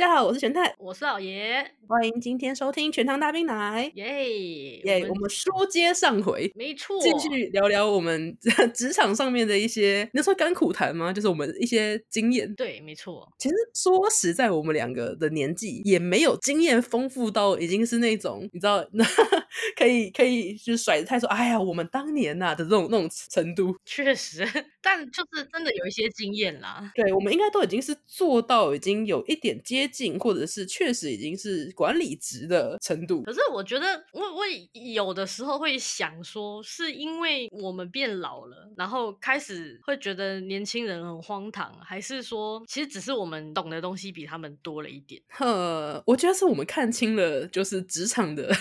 大家好，我是玄太，我是老爺，歡迎今天收聽《全糖大冰奶》，耶耶，我們書接上回，沒錯，繼續聊聊我們職場上面的一些，那說甘苦談嗎？就是我們一些經驗，對，沒錯。其實說實在，我們兩個的年紀也沒有經驗豐富到已經是那種，你知道？ 可以可以，可以就甩着他說：“哎呀，我們當年吶、啊、的這種那種程度，確實，但就是真的有一些經驗啦。對，我們應該都已經是做到已經有一點接近，或者是確實已經是管理職的程度。可是我覺得，我我有的時候會想說，是因為我們變老了，然後開始會覺得年輕人很荒唐，還是說其實只是我們懂的東西比他們多了一點？呵，我覺得是我們看清了，就是職場的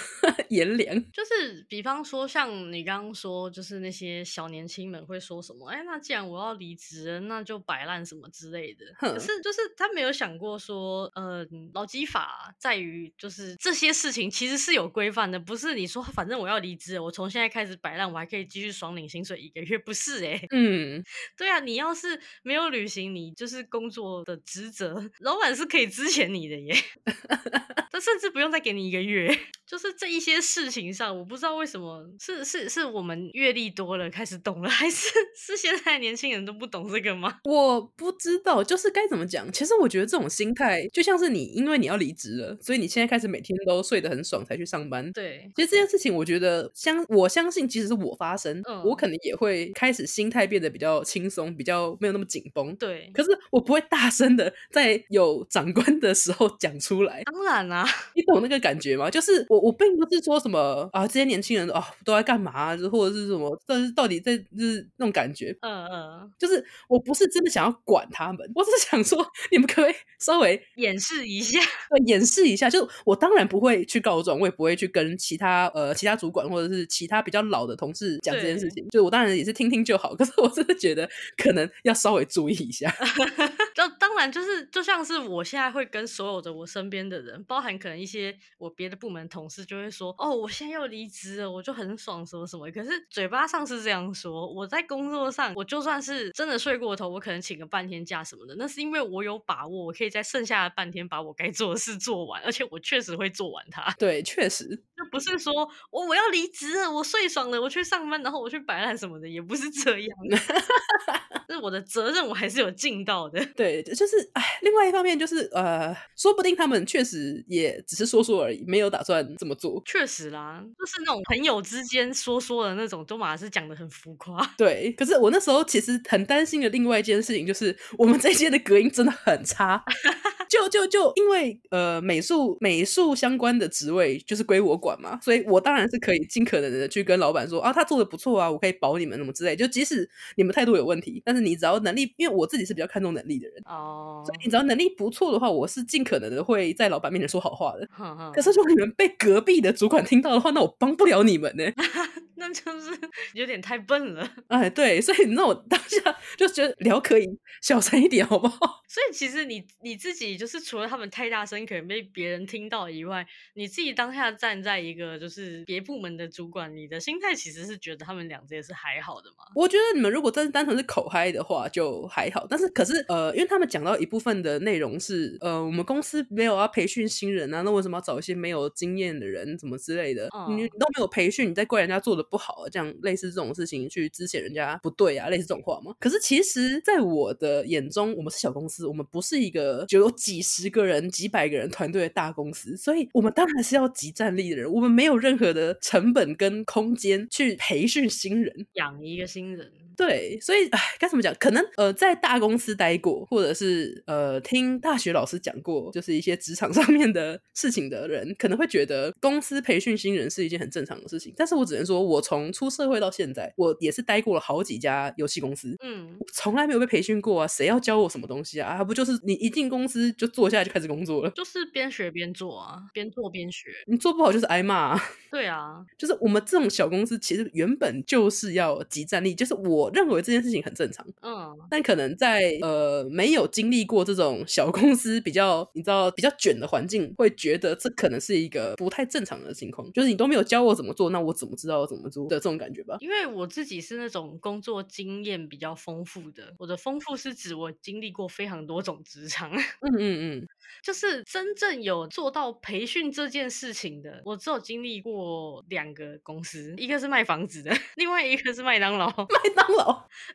顏臉。”就是比方說，像你剛剛說，就是那些小年輕們會說什麼？哎、欸，那既然我要離職，那就擺爛什麼之類的。可是，就是他沒有想過說，呃，勞基法在於就是這些事情其實是有規範的，不是你說反正我要離職，我從現在開始擺爛，我還可以繼續爽領薪水一個月？不是哎、欸，嗯，對啊，你要是沒有履行你就是工作的職責，老板是可以資遣你的耶。 他甚至不用再給你一個月，就是這一些事。事情上，我不知道為什麼是是是我們閱歷多了，開始懂了，還是是現在年輕人都不懂這個嗎？我不知道，就是該怎麼講。其實我覺得這種心態就像是你，因為你要離職了，所以你現在開始每天都睡得很爽才去上班。對，其實這件事情我覺得相我相信，即使是我發生，嗯，我可能也會開始心態變得比較輕鬆，比較沒有那麼緊繃。對，可是我不會大聲的在有長官的時候講出來。當然啦、啊，你懂那個感覺嗎？就是我，我並不是說什麼。呃啊，這些年輕人哦，都在幹嘛？或者是什麼？但是到底在、就是那種感覺？嗯嗯，就是我不是真的想要管他們，我只是想說你們可不可以稍微掩飾一下，掩飾一下。就是我當然不會去告狀，我也不會去跟其他呃其他主管或者是其他比較老的同事講這件事情。就我當然也是聽聽就好。可是我真的覺得可能要稍微注意一下。 就當然就是就像是我現在會跟所有的我身邊的人，包含可能一些我別的部門的同事，就會說哦。我現在要離職了，我就很爽，說什麼？可是嘴巴上是這樣說，我在工作上，我就算是真的睡過頭，我可能請個半天假什麼的，那是因為我有把握，我可以在剩下的半天把我該做的事做完，而且我確實會做完它。對，確實，就不是說我我要離職了，我睡爽了，我去上班，然後我去擺爛什麼的，也不是這樣的。 是我的責任我還是有盡到的。對，就是哎，另外一方面，就是呃，說不定他們確實也只是說說而已，沒有打算這麼做。確實了。啊，就是那種朋友之間說說的那種，都馬是講的很浮誇。對，可是我那時候其實很擔心的另外一件事情，就是我們這間的隔音真的很差。 就就就因為呃美術美術相關的職位就是歸我管嘛，所以我當然是可以盡可能的去跟老板說啊，他做得不錯啊，我可以保你們什麼之類。就即使你們態度有問題，但是你只要能力，因為我自己是比較看重能力的人哦，oh. 所以你只要能力不錯的話，我是盡可能的會在老板面前說好話的。Oh. 可是如果你們被隔壁的主管聽到的話，那我幫不了你們呢、欸， 那就是有點太笨了。哎，對，所以那我當下就覺得聊可以小聲一點，好不好？所以其實你你自己。就是除了他們太大聲，可能被別人聽到以外，你自己當下站在一個就是別部門的主管，你的心態其實是覺得他們兩個也是還好的嗎？我覺得你們如果真是單純是口嗨的話，就還好。但是可是呃，因為他們講到一部分的內容是呃，我們公司沒有要培訓新人啊，那為什麼要找一些沒有經驗的人，怎麼之類的？Uh. 你都沒有培訓，你在怪人家做的不好啊，這樣類似這種事情去指顯人家不對啊，類似這種話嗎？可是其實在我的眼中，我們是小公司，我們不是一個就。幾十個人、幾百個人團隊的大公司，所以我們當然是要即戰力的人。我們沒有任何的成本跟空間去培訓新人，養一個新人。對，所以哎，該怎麼講？可能呃，在大公司待過，或者是呃，聽大學老師講過，就是一些職場上面的事情的人，可能會覺得公司培訓新人是一件很正常的事情。但是我只能說我從出社會到現在，我也是待過了好幾家遊戲公司，嗯，我從來沒有被培訓過啊，誰要教我什麼東西啊？啊，不就是你一進公司就坐下來就開始工作了，就是邊學邊做啊，邊做邊學，你做不好就是挨罵啊。對啊， 就是我們這種小公司，其實原本就是要即戰力，就是我。我認為這件事情很正常，嗯，但可能在呃沒有經歷過這種小公司比較你知道比較卷的環境，會覺得這可能是一個不太正常的情況，就是你都沒有教我怎麼做，那我怎麼知道我怎麼做的這種感覺吧？因為我自己是那種工作經驗比較豐富的，我的豐富是指我經歷過非常多種職場，嗯嗯嗯，就是真正有做到培訓這件事情的，我只有經歷過兩個公司，一個是賣房子的，另外一個是麥當勞，麥當。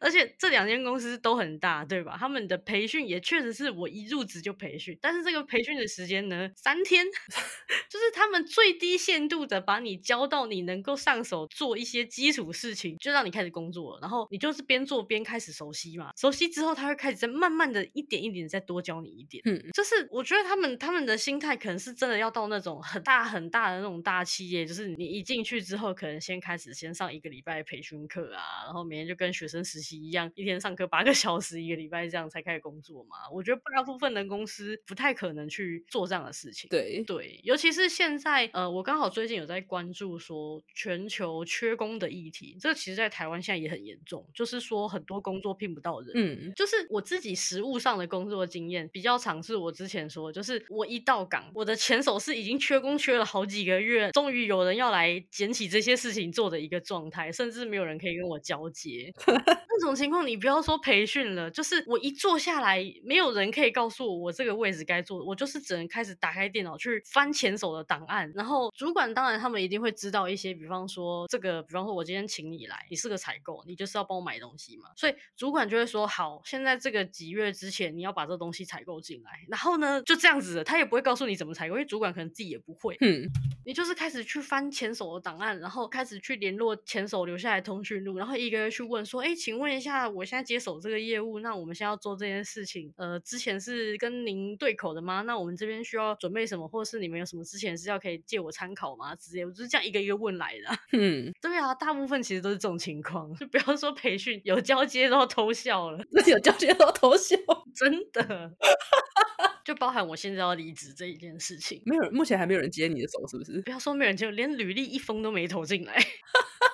而且這兩間公司都很大，對吧？他們的培訓也確實是我一入職就培訓，但是這個培訓的時間呢，三天， 就是他們最低限度的把你教到你能夠上手做一些基礎事情，就讓你開始工作了，然後你就是邊做邊開始熟悉嘛。熟悉之後，他會開始再慢慢的一點一點的再多教你一點。嗯，就是我覺得他們他們的心態可能是真的要到那種很大很大的那種大企業，就是你一進去之後，可能先開始先上一個禮拜培訓課啊，然後每天就跟。學生實習一樣，一天上課八個小時，一個禮拜這樣才開始工作嘛？我覺得大部分的公司不太可能去做這樣的事情。對對，尤其是現在，呃，我剛好最近有在關注說全球缺工的議題，這其實，在台灣現在也很嚴重，就是說很多工作聘不到人。嗯，就是我自己實務上的工作經驗比較常，是我之前說，就是我一到崗，我的前手是已經缺工缺了好幾個月，終於有人要來撿起這些事情做的一個狀態，甚至沒有人可以跟我交接。嗯 那種情況，你不要說培訓了，就是我一坐下來，沒有人可以告訴我我這個位置該坐，我就是只能開始打開電腦去翻前手的檔案。然後主管當然他們一定會知道一些，比方說這個，比方說我今天請你來，你是個採購，你就是要幫我買東西嘛。所以主管就會說，好，現在這個幾月之前你要把這東西採購進來。然後呢，就這樣子的，他也不會告訴你怎麼採購，因為主管可能自己也不會。嗯，你就是開始去翻前手的檔案，然後開始去聯絡前手留下來通訊錄，然後一個個去問。說哎，請問一下，我現在接手這個業務，那我們現在要做這件事情。呃，之前是跟您對口的嗎？那我們這邊需要準備什麼，或是你們有什麼之前資料可以借我參考嗎？直接我就是這樣一個一個問來的。嗯，對啊，大部分其實都是這種情況。就不要說培訓，有交接都要偷笑了，那有交接都要偷笑，真的。 就包含我現在要離職這一件事情，沒有，目前還沒有人接你的手，是不是？不要說沒有人接，連履歷一封都沒投進來。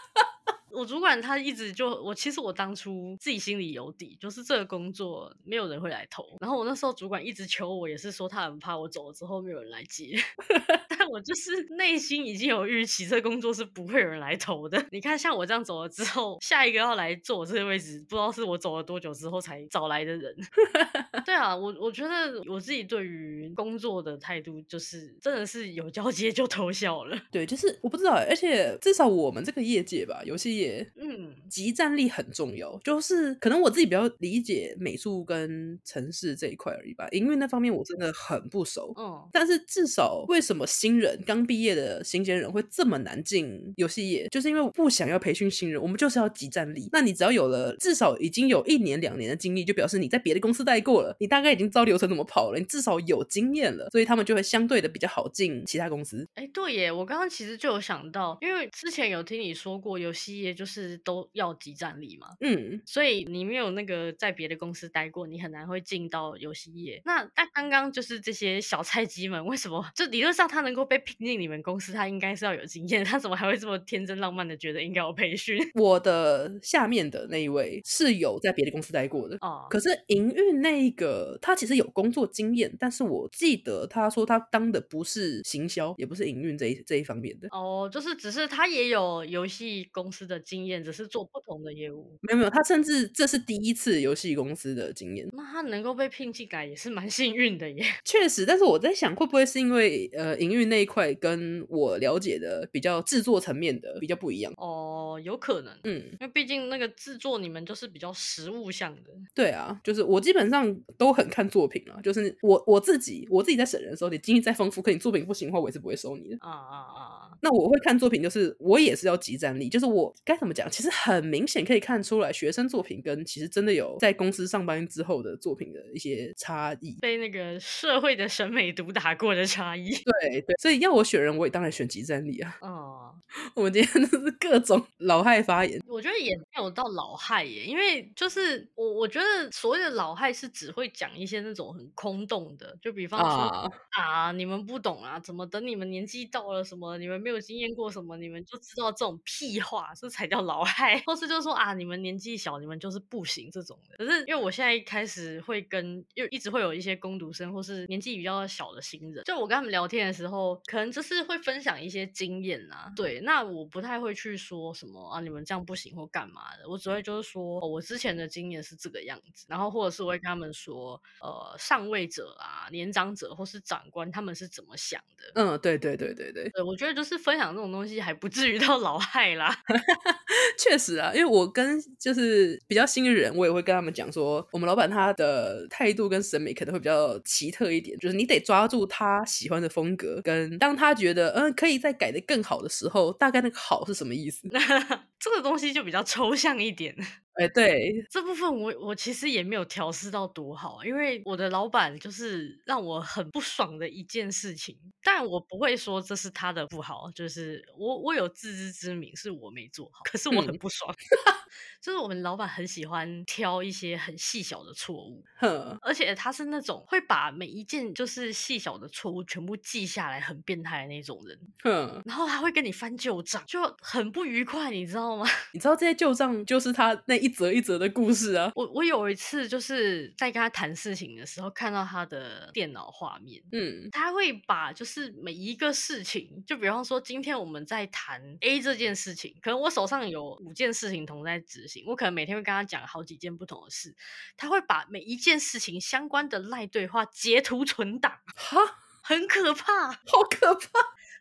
我主管他一直就我，其實我當初自己心裡有底，就是這個工作沒有人會來投。然後我那時候主管一直求我，也是說他很怕我走了之後沒有人來接。 但我就是內心已經有預期，這個工作是不會有人來投的。你看，像我這樣走了之後，下一個要來坐這個位置，不知道是我走了多久之後才找來的人。 對啊，我我覺得我自己對於工作的態度就是，真的是有交接就偷笑了。對，就是我不知道，而且至少我們這個業界吧，遊戲業界。嗯，即戰力很重要，就是可能我自己比較理解美術跟程式這一塊而已吧，營運那方面我真的很不熟。嗯、哦，但是至少為什麼新人剛畢業的新鮮人會這麼難進遊戲業，就是因為我不想要培訓新人，我們就是要即戰力。那你只要有了至少已經有一年兩年的經歷，就表示你在別的公司待過了，你大概已經知道流程怎麼跑了，你至少有經驗了，所以他們就會相對的比較好進其他公司。哎、欸，對耶，我剛剛其實就有想到，因為之前有聽你說過遊戲業。就是都要即戰力嘛，嗯，所以你沒有那個在別的公司待過，你很難會進到遊戲業。那那剛剛就是這些小菜雞們，為什麼就理論上他能夠被聘進你們公司，他應該是要有經驗，他怎麼還會這麼天真浪漫的覺得應該有培訓？我的下面的那一位是有在別的公司待過的哦，可是營運那一個他其實有工作經驗，但是我記得他說他當的不是行銷，也不是營運這一這一方面的哦，就是只是他也有遊戲公司的經驗只是做不同的業務，沒有沒有，他甚至這是第一次遊戲公司的經驗。那他能夠被聘請改也是蠻幸運的耶。確實，但是我在想，會不會是因為呃，營運那一塊跟我了解的比較制作層面的比較不一樣？哦，有可能，嗯，因為畢竟那個制作你們就是比較實物向的。對啊，就是我基本上都很看作品啊，就是我我自己我自己在審人的時候，你經驗再豐富，可你作品不行的話，我也是不會收你的啊啊啊！那我會看作品，就是我也是要即戰力，就是我該怎麼講？其實很明顯可以看出來，學生作品跟其實真的有在公司上班之後的作品的一些差異，被那個社會的審美毒打過的差異。對對，所以要我選人，我也當然選即戰力啊。哦、oh.，我今天都是各種老害發言，我覺得也沒有到老害耶，因為就是我我覺得所謂的老害是只會講一些那種很空洞的，就比方說、oh. 啊，你們不懂啊，怎麼等你們年紀到了什麼你們。沒有經驗過什麼，你們就知道這種屁話，這才叫老害，或是就是說啊，你們年紀小，你們就是不行這種的。可是因為我現在一開始會跟，又一直會有一些工讀生或是年紀比較小的新人，就我跟他們聊天的時候，可能就是會分享一些經驗啊。對，那我不太會去說什麼啊，你們這樣不行或幹嘛的，我只會就是說、哦、我之前的經驗是這個樣子，然後或者是我會跟他們說，呃，上位者啊、年長者或是長官他們是怎麼想的。嗯，對對對對對，對我覺得就是。分享這種東西還不至於到老害啦，確 實啊，因為我跟就是比較新的人，我也會跟他們講說，我們老板他的態度跟審美可能會比較奇特一點，就是你得抓住他喜歡的風格，跟當他覺得嗯可以再改得更好的時候，大概那個好是什麼意思？ 這個東西就比較抽象一點。哎、欸，對，這部分我我其實也沒有調試到多好，因為我的老板就是讓我很不爽的一件事情。但我不會說這是他的不好，就是我我有自知之明，是我沒做好，可是我很不爽。嗯、 就是我們老板很喜歡挑一些很細小的錯誤，哼，而且他是那種會把每一件就是細小的錯誤全部記下來，很變態的那種人，哼。然後他會跟你翻舊賬，就很不愉快，你知道嗎？你知道這些舊賬就是他那一。一則一則的故事啊！我我有一次就是在跟他談事情的時候，看到他的電腦畫面，嗯，他會把就是每一個事情，就比方說今天我們在談 A 這件事情，可能我手上有五件事情同在執行，我可能每天會跟他講好幾件不同的事，他會把每一件事情相關的賴對話截圖存檔，哈，很可怕，好可怕。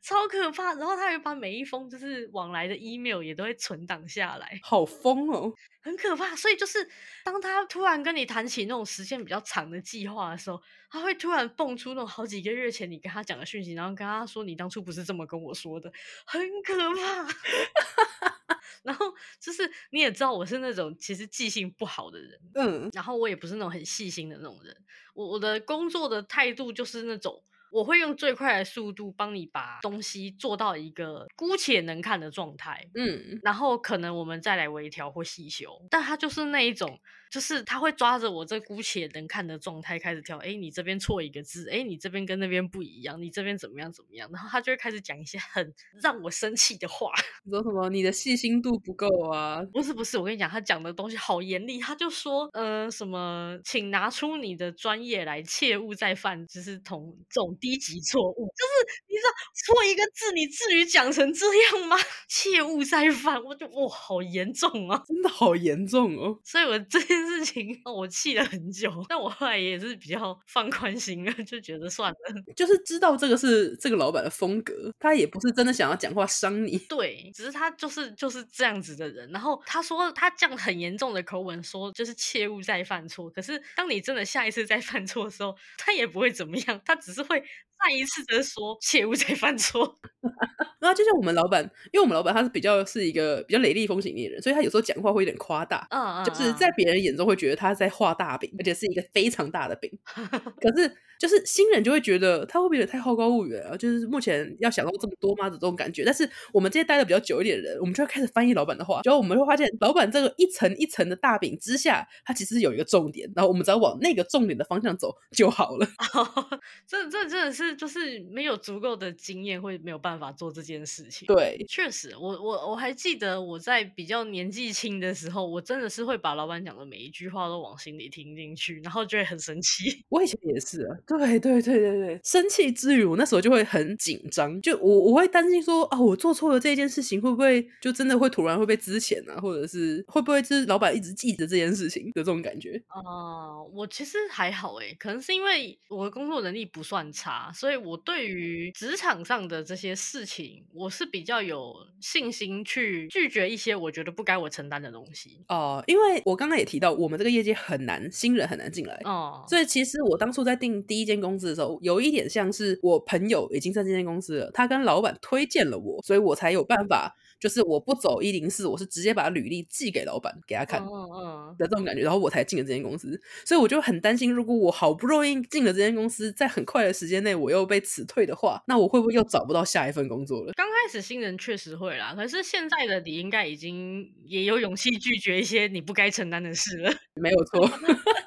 超可怕！然後他又把每一封就是往來的 email 也都會存檔下來，好瘋哦，很可怕。所以就是當他突然跟你談起那種時間比較長的計劃的時候，他會突然蹦出那種好幾個月前你跟他講的訊息，然後跟他說你當初不是這麼跟我說的，很可怕。 然後就是你也知道我是那種其實記性不好的人，嗯，然後我也不是那種很細心的那種人，我我的工作的態度就是那種。我會用最快的速度幫你把東西做到一個姑且能看的狀態，嗯，然後可能我們再來微調或細修，但它就是那一種。就是他會抓着我這姑且能看的狀態開始挑，哎，你這邊錯一個字，哎，你這邊跟那邊不一樣，你這邊怎麼樣怎麼樣，然後他就會開始講一些很讓我生氣的話。你說什麼？你的細心度不夠啊？不是不是，我跟你講，他講的東西好嚴厲，他就說，呃，什麼，請拿出你的專業來，切勿再犯，就是同這種低級錯誤。就是你知道錯一個字，你至於講成這樣嗎？切勿再犯，我就哇、哦，好嚴重啊，真的好嚴重哦。所以我這這件事情我氣了很久，但我後來也是比較放寬心了，就覺得算了。就是知道這個是這個老闆的風格，他也不是真的想要講話傷你。對，只是他就是就是這樣子的人。然後他說他這樣很嚴重的口吻說，就是切勿再犯錯。可是當你真的下一次再犯錯的時候，他也不會怎麼樣，他只是會再一次的說切勿再犯錯。 那就像我們老闆，因為我們老闆他是比較是一個比較雷厲風行的人，所以他有時候講話會有點誇大。嗯、啊、嗯、啊啊，就是在別人。眼中會覺得他在畫大餅，而且是一個非常大的餅。 可是，就是新人就會覺得他會不會有點太好高騖遠啊？就是目前要想到這麼多嗎的這種感覺。但是，我們這些待的比較久一點的人，我們就要開始翻譯老闆的話。然後，我們會發現，老闆這個一層一層的大餅之下，他其實有一個重點。然後，我們只要往那個重點的方向走就好了。這 這真的是就是沒有足夠的經驗，會沒有辦法做這件事情。對，確實，我我我還記得我在比較年紀輕的時候，我真的是會把老闆講的每每一句話都往心裡聽進去，然後就會很生氣。我以前也是啊，對對對對對，生氣之餘，我那時候就會很緊張，就我我會擔心說啊，我做錯了這件事情，會不會就真的會突然會被資遣啊，或者是會不會就是老板一直記着這件事情的這種感覺啊、呃？我其實還好哎、欸，可能是因為我的工作能力不算差，所以我對於職場上的這些事情，我是比較有信心去拒絕一些我覺得不該我承擔的東西。哦、呃，因為我剛剛也提到。我們這個業界很難，新人很難進來哦。Oh. 所以其實我當初在定第一間公司的時候，有一點像是我朋友已經在這間公司了，他跟老闆推薦了我，所以我才有辦法。就是我不走一零四，我是直接把履歷寄給老板給他看的這種感覺，然後我才進了這間公司。所以我就很擔心，如果我好不容易進了這間公司，在很快的時間內我又被辭退的話，那我會不會又找不到下一份工作了？剛開始新人確實會啦，可是現在的你應該已經也有勇氣拒絕一些你不該承擔的事了。沒有錯 。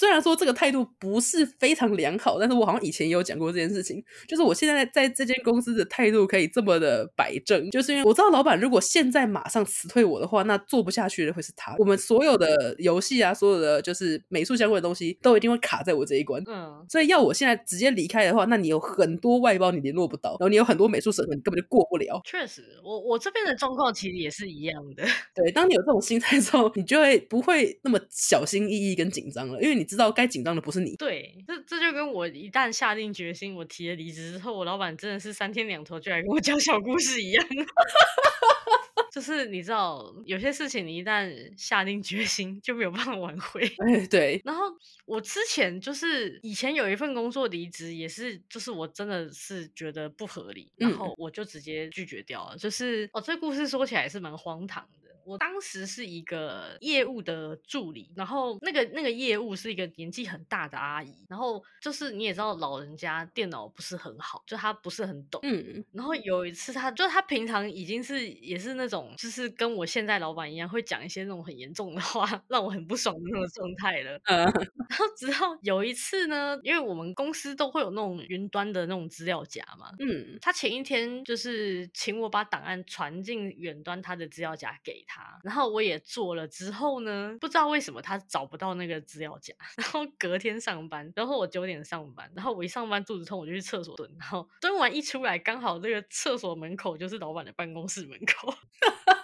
雖然說這個態度不是非常良好，但是我好像以前也有講過這件事情，就是我現在在這間公司的態度可以這麼的擺正，就是因為我知道老闆如果現在馬上辭退我的話，那做不下去的會是他。我們所有的遊戲啊，所有的就是美術相關的東西，都一定會卡在我這一關。嗯，所以要我現在直接離開的話，那你有很多外包你聯絡不到，然後你有很多美術審核你根本就過不了。確實，我我這邊的狀況其實也是一樣的。對，當你有這種心態之後，你就會不會那麼小心翼翼跟緊張了，因為你，知道該緊張的不是你，對，這這就跟我一旦下定決心，我提了離職之後，我老板真的是三天兩頭就來跟我講小故事一樣， 就是你知道，有些事情你一旦下定決心就沒有辦法挽回。哎，對。然後我之前就是以前有一份工作離職，也是就是我真的是覺得不合理，嗯，然後我就直接拒絕掉了。就是哦，這故事說起來是蠻荒唐的。我當時是一個業務的助理，然後那個那個業務是一個年紀很大的阿姨，然後就是你也知道，老人家電腦不是很好，就她不是很懂。嗯。然後有一次他，她就她平常已經是也是那種，就是跟我現在老板一樣，會講一些那種很嚴重的話，讓我很不爽的那種狀態了。呃、嗯，然後直到有一次呢，因為我們公司都會有那種雲端的那種資料夾嘛。嗯。她前一天就是請我把檔案傳進遠端他的資料夾給她。然後我也做了，之後呢，不知道為什麼他找不到那個資料夾。然後隔天上班，然後我九點上班，然後我一上班肚子痛，我就去廁所蹲。然後蹲完一出來，剛好這個廁所門口就是老板的辦公室門口。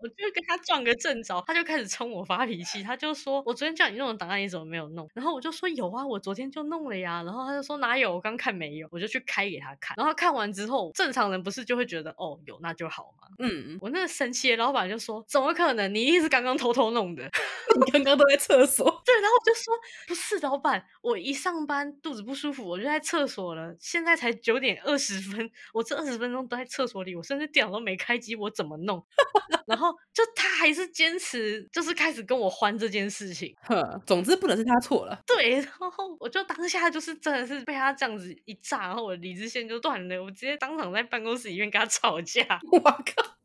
我就跟他撞個正着，他就開始衝我發脾氣，他就說：“我昨天叫你弄的檔案，你怎麼沒有弄？”然後我就說：“有啊，我昨天就弄了呀。”然後他就說：“哪有？我剛看沒有。”我就去開給他看，然後看完之後，正常人不是就會覺得：“哦，有那就好嘛。”嗯，我那個生氣的老板就說：“怎麼可能？你一定是剛剛偷偷弄的， 你剛剛都在廁所。”對，然後我就說，不是老板，我一上班肚子不舒服，我就在廁所了。現在才九點二十分，我這二十分鐘都在廁所裡，我甚至電腦都沒開機，我怎麼弄？ 然後就他還是堅持，就是開始跟我歡這件事情。呵總之不能是他錯了。對，然後我就當下就是真的是被他這樣子一炸，然後我理智線就斷了，我直接當場在辦公室裡面跟他吵架。我靠！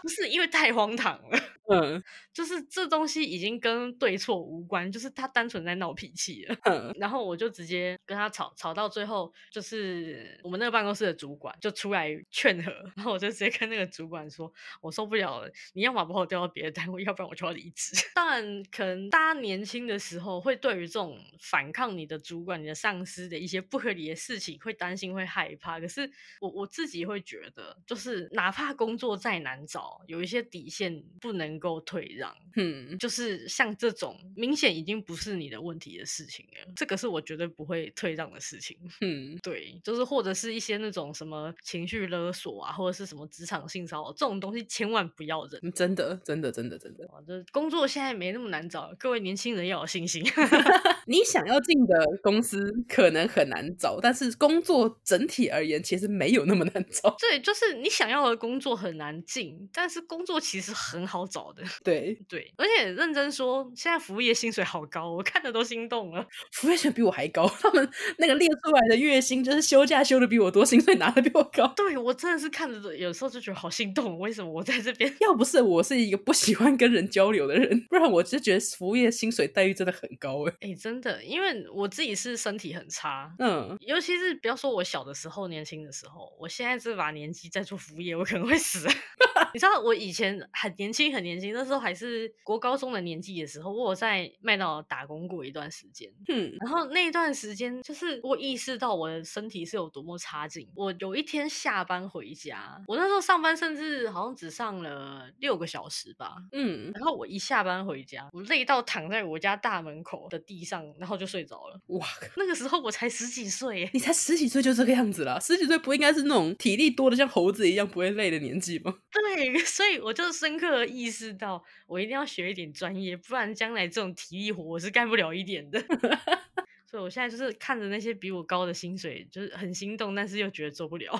不是因為太荒唐了。嗯，就是這東西已經跟對錯無關，就是他單純在鬧脾氣了。嗯，然後我就直接跟他吵，吵到最後，就是我們那個辦公室的主管就出來勸和。然後我就直接跟那個主管說：“我受不了了，你要麼把我調到別的單位，要不然我就要離職。”當然，可能大家年輕的時候會對於這種反抗你的主管、你的上司的一些不合理的事情會擔心、會害怕。可是我我自己會覺得，就是哪怕工作再難找，有一些底線不能。夠退讓，嗯，就是像這種明顯已經不是你的問題的事情了，了這個是我絕對不會退讓的事情，嗯，對，就是或者是一些那種什麼情緒勒索啊，或者是什麼職場性騷擾這種東西，千萬不要忍。嗯，真的，真的，真的，真的，就是工作現在沒那麼難找，各位年輕人要有信心， 你想要進的公司可能很難找，但是工作整體而言其實沒有那麼難找， 對，就是你想要的工作很難進，但是工作其實很好找。對對，而且認真說，現在服務業薪水好高，我看着都心動了。服務業薪水比我還高，他們那個列出來的月薪就是休假休的比我多，薪水拿的比我高。對，我真的是看着有時候就覺得好心動。為什麼我在這邊？要不是我是一個不喜歡跟人交流的人，不然我就覺得服務業薪水待遇真的很高。哎、欸、哎，真的，因為我自己是身體很差，嗯，尤其是不要說我小的時候、年輕的時候，我現在這把年紀在做服務業，我可能會死。 你知道我以前很年輕，很年輕。那時候還是國高中的年紀的時候，我，我在麥當勞打工過一段時間。嗯，然後那一段時間，就是我意識到我的身體是有多麼差勁。我有一天下班回家，我那時候上班甚至好像只上了六個小時吧。嗯，然後我一下班回家，我累到躺在我家大門口的地上，然後就睡着了。哇，那個時候我才十幾歲耶！你才十幾歲就這個樣子啦？十幾歲不應該是那種體力多的像猴子一樣不會累的年紀嗎？對，所以我就深刻意識。知道，我一定要學一點專業，不然將來這種體力活我是幹不了一點的。 所以我現在就是看着那些比我高的薪水，就是很心動，但是又覺得做不了。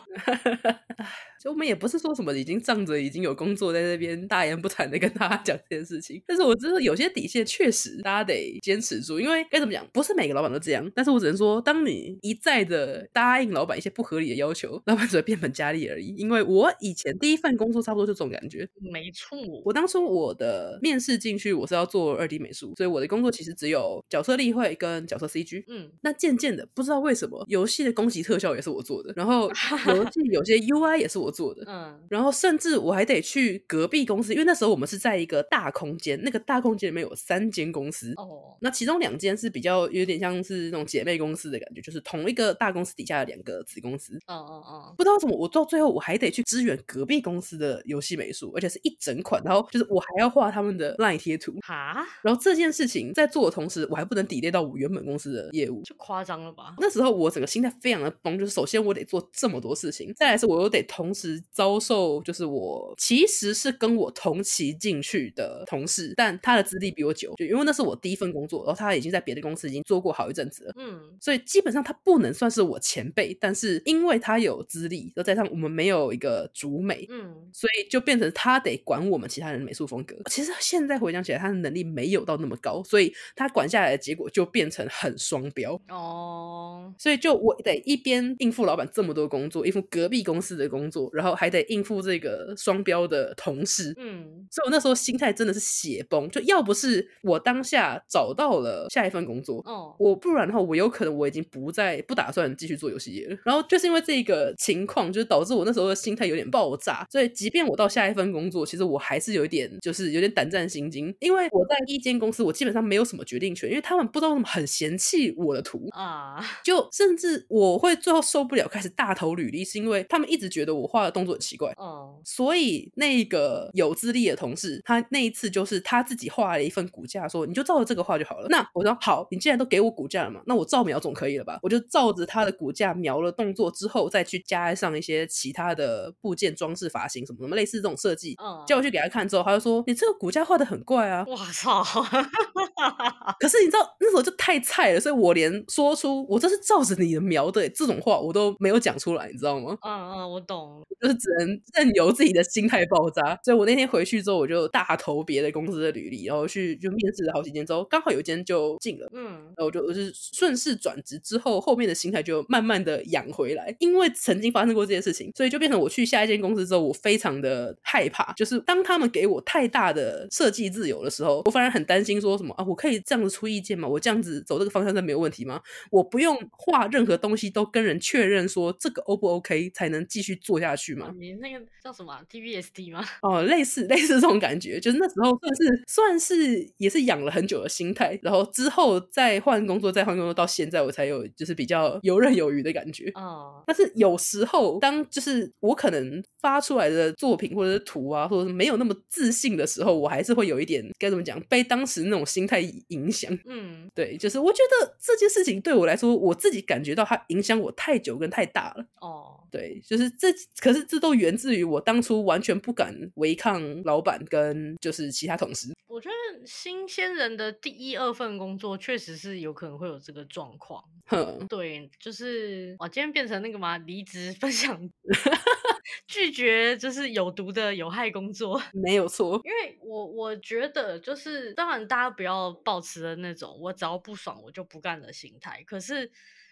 所 以我們也不是說什麼已經仗着已經有工作在那邊大言不慚的跟大家講這件事情，但是我真的有些底線確實大家得堅持住，因為該怎麼講，不是每個老板都這樣。但是我只能說，當你一再的答應老板一些不合理的要求，老板只會變本加厲而已。因為我以前第一份工作差不多就這種感覺。沒錯，我當初我的面試進去，我是要做二 D 美術，所以我的工作其實只有角色立繪跟角色 CG。嗯，那漸漸的不知道為什麼，遊戲的攻擊特效也是我做的，然後遊戲 有些 UI 也是我做的，嗯，然後甚至我還得去隔壁公司，因為那時候我們是在一個大空間，那個大空間裡面有三間公司哦，那其中兩間是比較有點像是那種姐妹公司的感覺，就是同一個大公司底下的兩個子公司，哦哦哦，不知道為什麼，我到最後我還得去支援隔壁公司的遊戲美術，而且是一整款，然後就是我還要畫他們的 LINE 貼圖啊，然後這件事情在做的同時，我還不能 delay 到我原本公司的。業務就誇張了吧？那時候我整個心態非常的崩，就是首先我得做這麼多事情，再來是我又得同時遭受，就是我其實是跟我同期進去的同事，但他的資歷比我久，就因為那是我第一份工作，然後他已經在別的公司已經做過好一陣子了，嗯，所以基本上他不能算是我前輩，但是因為他有資歷，再加上我們沒有一個主美，嗯，所以就變成他得管我們其他人的美術風格。其實現在回想起來，他的能力沒有到那麼高，所以他管下來的結果就變成很雙雙標哦，所以就我得一邊應付老板這麼多工作，應付隔壁公司的工作，然後還得應付這個雙標的同事，嗯、mm.，所以我那時候心態真的是血崩，就要不是我當下找到了下一份工作，哦、oh.，我不然的話，我有可能我已經不再不打算繼續做遊戲業了。然後就是因為這個情況，就是、導致我那時候的心態有點爆炸。所以即便我到下一份工作，其實我還是有一點，就是有點膽戰心驚，因為我在一間公司，我基本上沒有什麼決定權，因為他們不知道怎麼很嫌棄。我的圖啊，就甚至我會最後受不了，開始大頭履歷，是因為他們一直覺得我畫的動作很奇怪。哦、嗯，所以那個有資歷的同事，他那一次就是他自己畫了一份骨架說，說你就照着這個畫就好了。那我說好，你既然都給我骨架了嘛，那我照描總可以了吧？我就照着他的骨架描了動作之後，再去加上一些其他的部件、裝飾、髮型什麼什麼，類似這種設計。嗯，叫我去給他看之後，他就說你這個骨架畫的很怪啊！我操！ 可是你知道那時候就太菜了，所以我。我連說出“我這是照着你的描的”這種話，我都沒有講出來，你知道嗎？嗯嗯，我懂了，就是只能任由自己的心態爆炸。所以我那天回去之後，我就大投別的公司的履歷，然後去就面試了好幾間，之後剛好有一間就進了。嗯，然後我就就是順勢轉職之後，後面的心態就慢慢的養回來。因為曾經發生過這件事情，所以就變成我去下一間公司之後，我非常的害怕。就是當他們給我太大的設計自由的時候，我反而很擔心說什麼啊，我可以這樣子出意見嗎？我這樣子走這個方向在。沒有問題嗎？我不用畫任何東西都跟人確認說，這個 O 不 OK 才能繼續做下去嗎？啊，你那個叫什麼，啊，TVST 嗎？哦，類似類似這種感覺，就是那時候算是算是也是養了很久的心態，然後之後再換工作再換工作，到現在我才有就是比較游刃有餘的感覺啊，哦。但是有時候當就是我可能發出來的作品或者是圖啊，或者是沒有那麼自信的時候，我還是會有一點該怎麼講，被當時那種心態影響。嗯，對，就是我覺得。這件事情對我來說，我自己感覺到它影響我太久跟太大了。哦，對，就是這，可是這都源自於我當初完全不敢違抗老板跟就是其他同事。我覺得新鮮人的第一二份工作確實是有可能會有這個狀況。對，就是我今天變成那個嘛，離職分享， 拒絕就是有毒的有害工作，沒有錯。因為我我覺得，就是當然大家不要抱持的那種，我只要不爽我就不幹的心態。可是。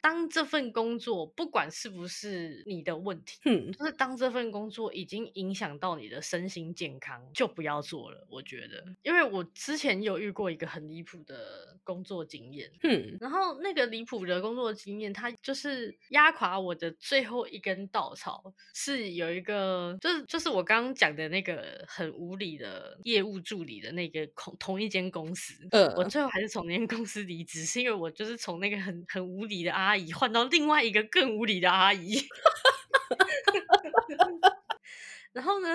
當這份工作不管是不是你的問題，嗯，就是當這份工作已經影響到你的身心健康，就不要做了。我覺得，因為我之前有遇過一個很離譜的工作經驗，嗯，然後那個離譜的工作經驗，它就是壓垮我的最後一根稻草。是有一個，就是就是我剛剛講的那個很無理的業務助理的那個同同一間公司，嗯，我最後還是從那間公司離職，是因為我就是從那個很很無理的阿姨。換到另外一個更無理的阿姨 然後呢，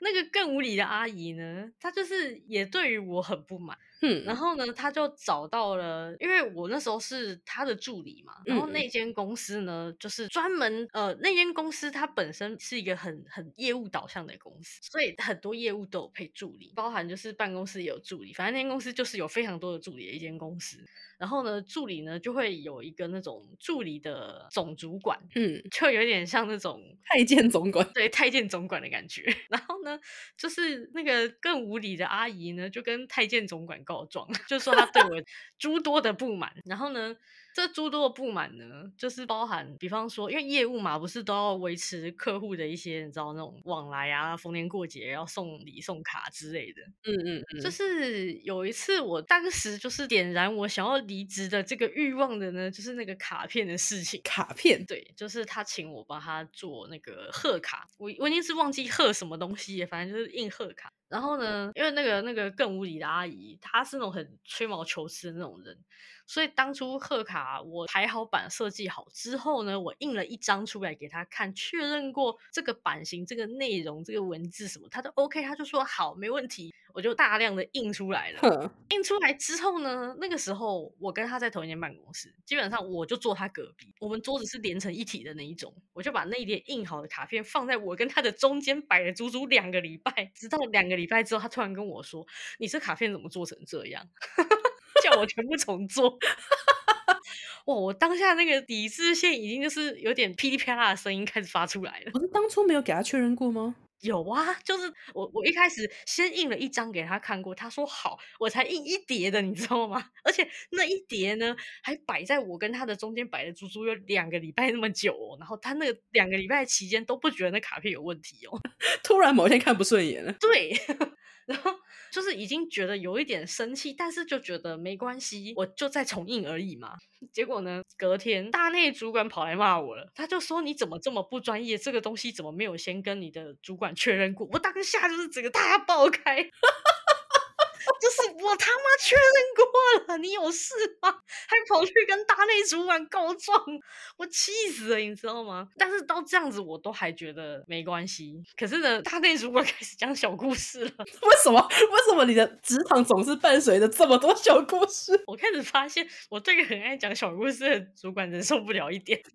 那個更無理的阿姨呢，她就是也對於我很不滿。然後呢，他就找到了，因為我那時候是他的助理嘛，嗯、然後那間公司呢，就是專門呃，那間公司它本身是一個很很業務導向的公司，所以很多業務都有配助理，包含就是辦公室也有助理，反正那間公司就是有非常多的助理的一間公司。然後呢，助理呢就會有一個那種助理的總主管，嗯，就有點像那種太監總管，對太監總管的感覺。 然後呢，就是那個更無理的阿姨呢，就跟太監總管。告狀，就是、說他對我諸多的不滿， 然後呢，這諸多的不滿呢，就是包含，比方說，因為業務嘛，不是都要維持客戶的一些，你知道那種往來啊，逢年過節要送禮送卡之類的。嗯嗯嗯。就是有一次，我當時就是點燃我想要離職的這個慾望的呢，就是那個卡片的事情。卡片，對，就是他請我幫他做那個賀卡，我我應該是忘記賀什麼東西，反正就是印賀卡。然後呢，因為那個那個更無理的阿姨，她是那種很吹毛求疵的那種人。所以當初賀卡、啊、我排好版設計好之後呢，我印了一張出來給他看，確認過這個版型、這個內容、這個文字什麼，他都 OK，他就說好，沒問題，我就大量的印出來了。印出來之後呢，那個時候我跟他在同一間辦公室，基本上我就坐他隔壁，我們桌子是連成一體的那一種，我就把那一點印好的卡片放在我跟他的中間，擺了足足兩個禮拜，直到兩個禮拜之後，他突然跟我說：“你這卡片怎麼做成這樣？” 叫 我全部重做， 哇！我當下那個理智線已經就是有點噼里啪啦的聲音開始發出來了。不是當初沒有給他確認過嗎？有啊，就是我我一開始先印了一張給他看過，他說好，我才印一疊的，你知道嗎？而且那一疊呢，還擺在我跟他的中間擺了足足有兩個禮拜那麼久，哦，然後他那個兩個禮拜期間都不覺得那卡片有問題哦， 突然某天看不順眼了。對。 然後就是已經覺得有一點生氣，但是就覺得沒關係，我就再重印而已嘛。結果呢，隔天大內主管跑來罵我了，他就說：“你怎麼這麼不專業？這個東西怎麼沒有先跟你的主管確認過？”我當下就是整個大爆開。 就是我他媽確認過了，你有事嗎？還跑去跟大內主管告狀，我氣死了，你知道嗎？但是到這樣子，我都還覺得沒關係。可是呢，大內主管開始講小故事了。為什麼？為什麼你的職場總是伴隨着這麼多小故事？我開始發現，我這個很愛講小故事的主管忍受不了一點。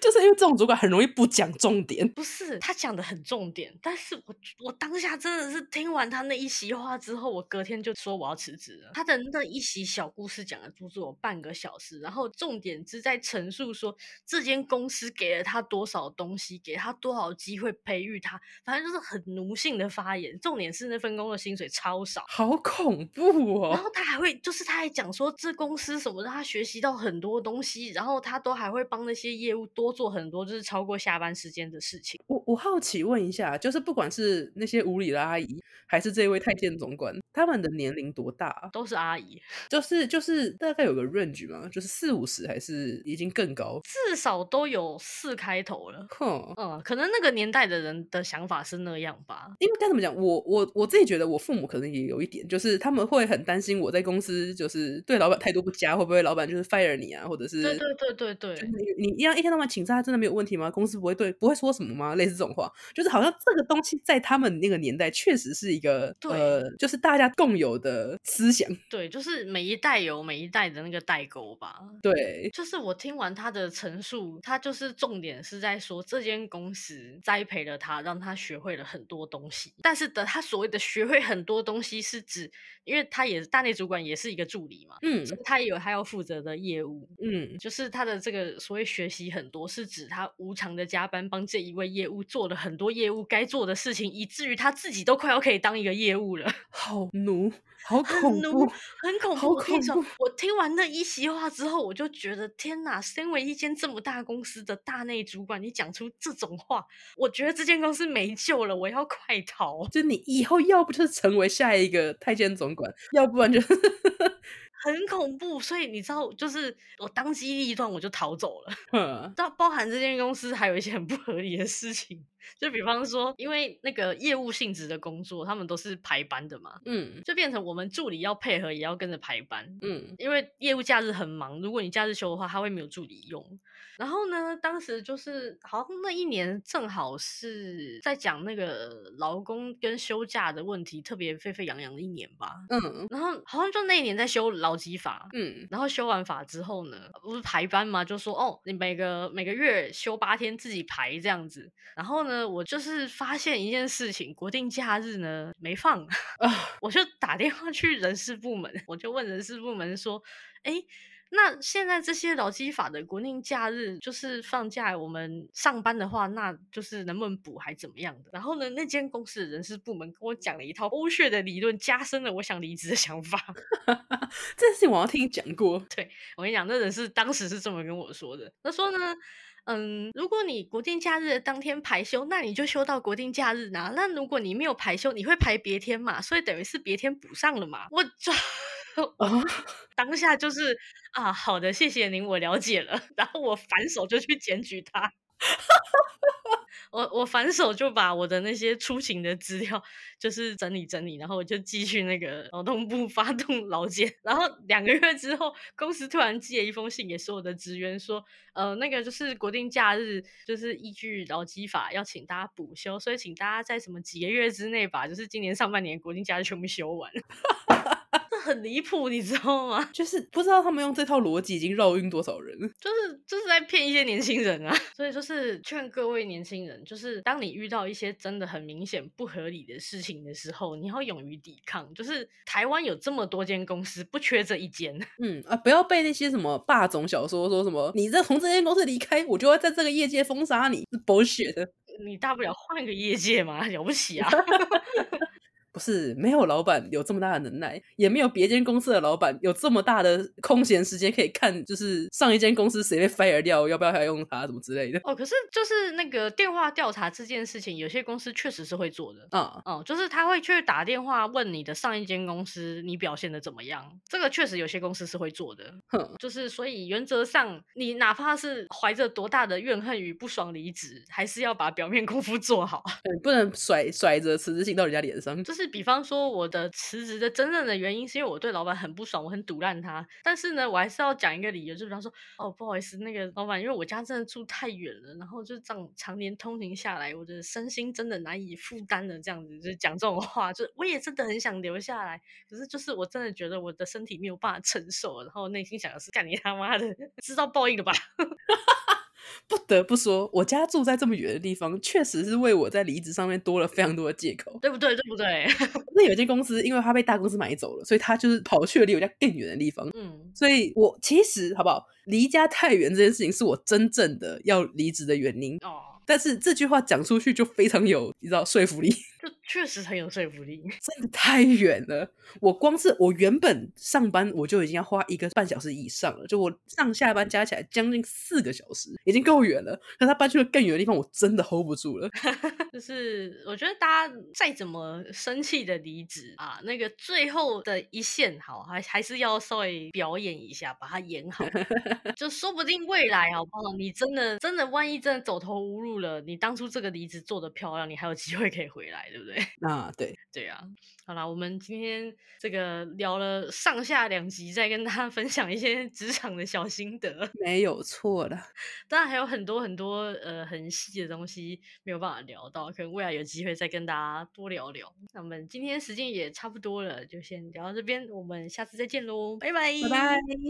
就是因為這種主管很容易不講重點，不是他講的很重點，但是我我當下真的是聽完他那一席話之後，我隔天就說我要辭職了。他的那一席小故事講了足足有半個小時，然後重點是在陳述說這間公司給了他多少東西，給他多少機會培育他，反正就是很奴性的發言。重點是那份工的薪水超少，好恐怖哦。然後他還會就是他還講說這公司什麼讓他學習到很多東西，然後他都還會幫那些業務。多做很多，就是超過下班時間的事情。我我好奇問一下，就是不管是那些無理的阿姨，還是這位太監總管，他們的年齡多大？都是阿姨，就是就是大概有個 range 嘛，就是四五十還是已經更高？至少都有四開頭了。哼，嗯，可能那個年代的人的想法是那樣吧。因為該怎麼講，我我我自己覺得，我父母可能也有一點，就是他們會很擔心我在公司就是對老闆態度不佳，會不會老闆就是 fire 你啊？或者是對對對對對，就是你你一樣一天。那麼請假他真的沒有問題嗎？公司不會對不會說什麼嗎？類似這種話，就是好像這個東西在他們那個年代確實是一個呃，就是大家共有的思想。對，就是每一代有每一代的那個代溝吧。對，就是我聽完他的陳述，他就是重點是在說，這間公司栽培了他，讓他學會了很多東西。但是的，他所謂的學會很多東西，是指因為他也大內主管也是一個助理嘛，嗯，他也有他要負責的業務，嗯，就是他的這個所謂學習很。很多是指他無償的加班幫這一位業務做了很多業務該做的事情，以至於他自己都快要可以當一個業務了。好奴，好恐怖，很奴，很恐怖，恐怖，我聽，我聽完那一席話之後，我就覺得天哪！身為一間這麼大公司的大內主管，你講出這種話，我覺得這間公司沒救了。我要快逃！就你以後要不就是成為下一個太監總管，要不然就。 很恐怖，所以你知道，就是我當機立斷，我就逃走了。嗯，到包含這間公司還有一些很不合理的事情，就比方說，因為那個業務性質的工作，他們都是排班的嘛。嗯，就變成我們助理要配合，也要跟着排班。嗯，因為業務假日很忙，如果你假日休的話，他會沒有助理用。然後呢，當時就是好像那一年正好是在講那個勞工跟休假的問題，特別沸沸揚揚的一年吧。嗯，然後好像就那一年在休勞。機法，嗯，然後修完法之後呢，不是排班嘛，就說哦，你每個每個月休八天，自己排這樣子。然後呢，我就是發現一件事情，國定假日呢沒放， 我就打電話去人事部門，我就問人事部門說，哎。那現在這些勞基法的國定假日就是放假，我們上班的話，那就是能不能補還怎麼樣的？然後呢，那間公司的人事部門跟我講了一套歐血的理論，加深了我想離職的想法。 這事情我好像聽你講過，對我跟你講，那人事當時是這麼跟我說的。他說呢，嗯，如果你國定假日的當天排休，那你就休到國定假日呢；那如果你沒有排休，你會排別天嘛，所以等於是別天補上了嘛。我操！哦，當下就是啊，好的，謝謝您，我了解了。然後我反手就去檢舉他， 我我反手就把我的那些出勤的資料就是整理整理，然後我就繼續那個勞動部發動勞檢。然後兩個月之後，公司突然寄了一封信給所有的職員說，說呃，那個就是國定假日，就是依據勞基法要請大家補休，所以請大家在什麼幾個月之內把就是今年上半年國定假日全部休完。 這 很離譜，你知道嗎？就是不知道他們用這套邏輯已經繞暈多少人了，就是就是在騙一些年輕人啊。所以就是勸各位年輕人，就是當你遇到一些真的很明顯不合理的事情的時候，你要勇於抵抗。就是台灣有這麼多間公司，不缺這一間。嗯啊，不要被那些什麼霸總小說說什麼，你這從這間公司離開，我就要在這個業界封殺你，是博學的。你大不了換個業界嘛，了不起啊。 不是沒有老闆有這麼大的能耐，也沒有別間公司的老闆有這麼大的空閒時間可以看，就是上一間公司誰被 fire 掉，要不要還要用他，什麼之類的。哦，可是就是那個電話調查這件事情，有些公司確實是會做的。啊、嗯，哦、嗯，就是他會去打電話問你的上一間公司你表現的怎麼樣，這個確實有些公司是會做的。哼，就是所以原則上，你哪怕是懷着多大的怨恨與不爽離職，還是要把表面功夫做好，你不能甩甩着辭職信到人家臉上，就是。比方說，我的辭職的真正的原因是因為我對老闆很不爽，我很毒爛他。但是呢，我還是要講一個理由，就比方說，哦，不好意思，那個老闆，因為我家真的住太遠了，然後就這樣常年通勤下來，我的身心真的難以負擔的這樣子就是、講這種話，就我也真的很想留下來，可是就是我真的覺得我的身體沒有辦法承受，然後內心想的是幹你他媽的，知道報應了吧。 不得不說，我家住在這麼遠的地方，確實是為我在離職上面多了非常多的借口，對不對？對不對？ 那有一間公司，因為他被大公司買走了，所以他就是跑去了離我家更遠的地方。嗯，所以我其實好不好？離家太遠這件事情，是我真正的要離職的原因。哦，但是這句話講出去就非常有，你知道說服力。就確實很有說服力，真的太遠了。我光是我原本上班，我就已經要花一個半小時以上了。就我上下班加起來將近四個小時，已經夠遠了。那他搬去了更遠的地方，我真的 hold 不住了。就是我覺得大家再怎麼生氣的離職啊，那個最後的一線好，還還是要稍微表演一下，把它演好。 就說不定未來好不好，你真的真的萬一真的走投無路了，你當初這個離職做得漂亮，你還有機會可以回來的。對不對？啊，對對啊！好啦，我們今天這個聊了上下兩集，再跟大家分享一些職場的小心得，沒有錯的。當然還有很多很多呃很細、細的東西沒有辦法聊到，可能未來有機會再跟大家多聊聊。那我們今天時間也差不多了，就先聊到這邊，我們下次再見嘍，拜拜拜。Bye bye